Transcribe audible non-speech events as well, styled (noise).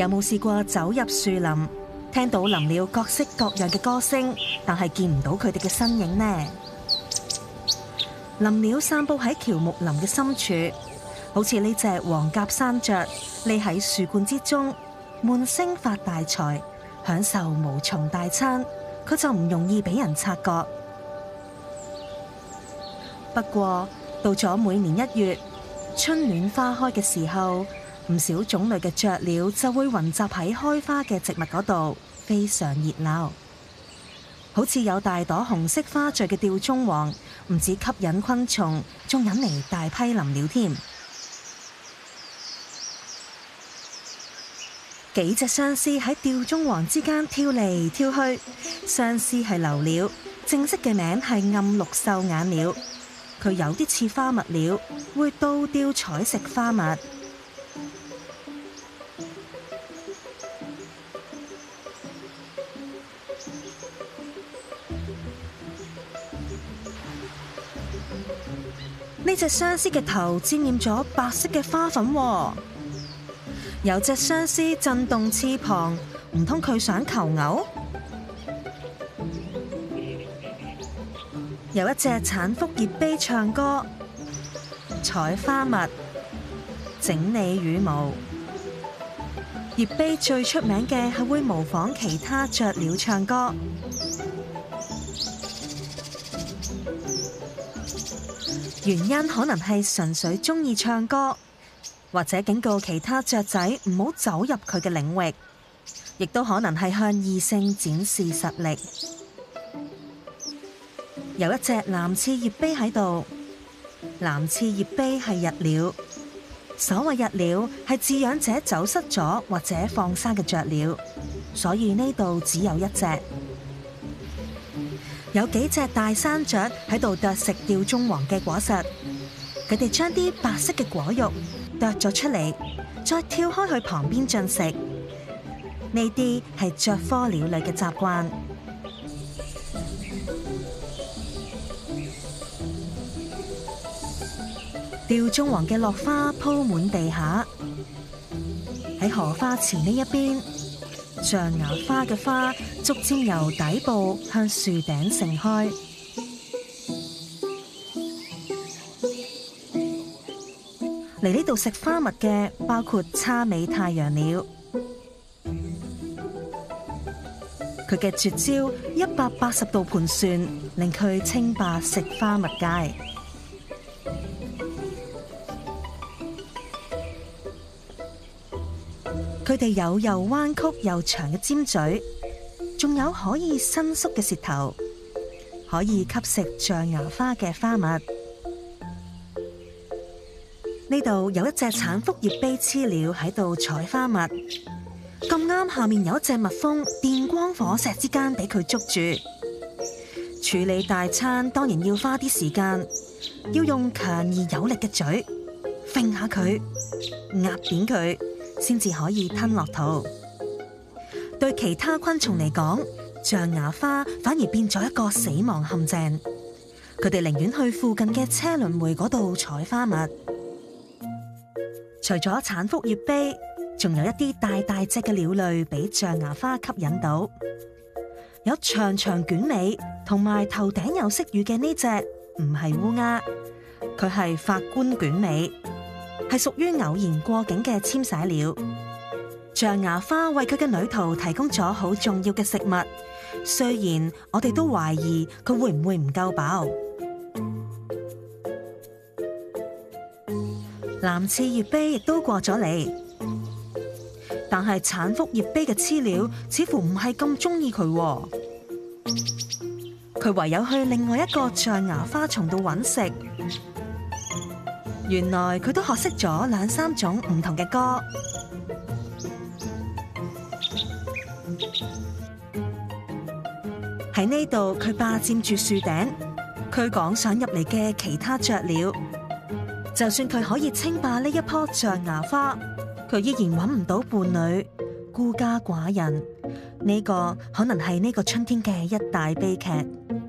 有冇試過走入樹林，聽到林鳥各式各樣嘅歌聲，但係見唔到佢哋嘅身影呢？林鳥散佈喺喬木林嘅深處，好似呢隻黃甲山雀匿喺樹冠之中，悶聲發大財，享受無蟲大餐，佢就唔容易俾人察覺。不過，到咗每年一月，春暖花開嘅時候。唔少種類嘅雀鳥就會雲集喺開花嘅植物嗰度，非常熱鬧。好似有大朵紅色花序嘅吊鐘王，唔止吸引昆蟲，仲引嚟大批林鳥添。幾隻相思喺吊鐘王之間跳嚟跳去。相思係留鳥，正式嘅名係暗綠繡眼鳥。佢有啲似花蜜鳥，會倒吊採食花蜜。呢隻相思嘅頭沾染咗白色嘅花粉，有隻相思震動翅膀，唔通佢想求偶？ (noise) 有一隻橙腹葉鵯唱歌、採花蜜、整理羽毛。葉鵯最出名嘅係會模仿其他雀鳥唱歌。原因可能係純粹中意唱歌，或者警告其他雀仔唔好走入佢嘅領域，亦都可能係向異性展示實力。 (noise) 有一隻藍翅葉鵯喺度，藍翅葉鵯係逸鳥，所謂逸鳥係飼養者走失咗或者放生嘅雀鳥，所以呢度只有一隻。有幾隻大山雀喺度啄食吊鐘王嘅果實，佢哋將啲白色嘅果肉啄咗出嚟，再跳開去旁邊進食。呢啲係雀科鳥類嘅習慣。吊鐘王嘅落花鋪滿地下，喺荷花池呢一邊。象牙花嘅花逐漸由底部向樹頂盛開。嚟呢度食花蜜嘅包括叉尾太陽鳥，佢嘅絕招一百八十度盤旋，令佢稱霸食花蜜界。佢哋有又彎曲又長嘅尖嘴，仲有可以伸縮嘅舌頭，可以吸食象牙花嘅花蜜。呢度 (noise) 有一隻橙腹葉鵯雌鳥喺度採花蜜，咁啱下面有一隻蜜蜂，電光火石之間俾佢捉住。處理大餐當然要花啲時間，要用強而有力嘅嘴，揈下佢，壓扁佢。先至可以吞落肚。對其他昆蟲嚟講，象牙花反而變咗一個死亡陷阱。佢哋寧願去附近嘅車輪梅嗰度採花蜜。除咗產福葉蜂，仲有一啲大大隻嘅鳥類俾象牙花吸引到。有長長卷尾同埋頭頂有色羽嘅，呢隻唔係烏鴉，佢係髮冠卷尾。係屬於偶然過境嘅遷徙鳥，象牙花為佢嘅旅途提供咗好重要嘅食物。雖然我哋都懷疑佢會唔會唔夠飽，藍翅葉鵯亦都過咗嚟，但係產腹葉鵯嘅雌鳥似乎唔係咁中意佢，佢唯有去另外一個象牙花叢度揾食。原來佢都學識咗兩三種唔同嘅歌。喺呢度，佢霸佔住樹頂，佢趕想入嚟嘅其他雀鳥。就算佢可以稱霸呢一棵象牙花，佢依然揾唔到伴侶，孤家寡人。呢、這個可能係呢個春天嘅一大悲劇。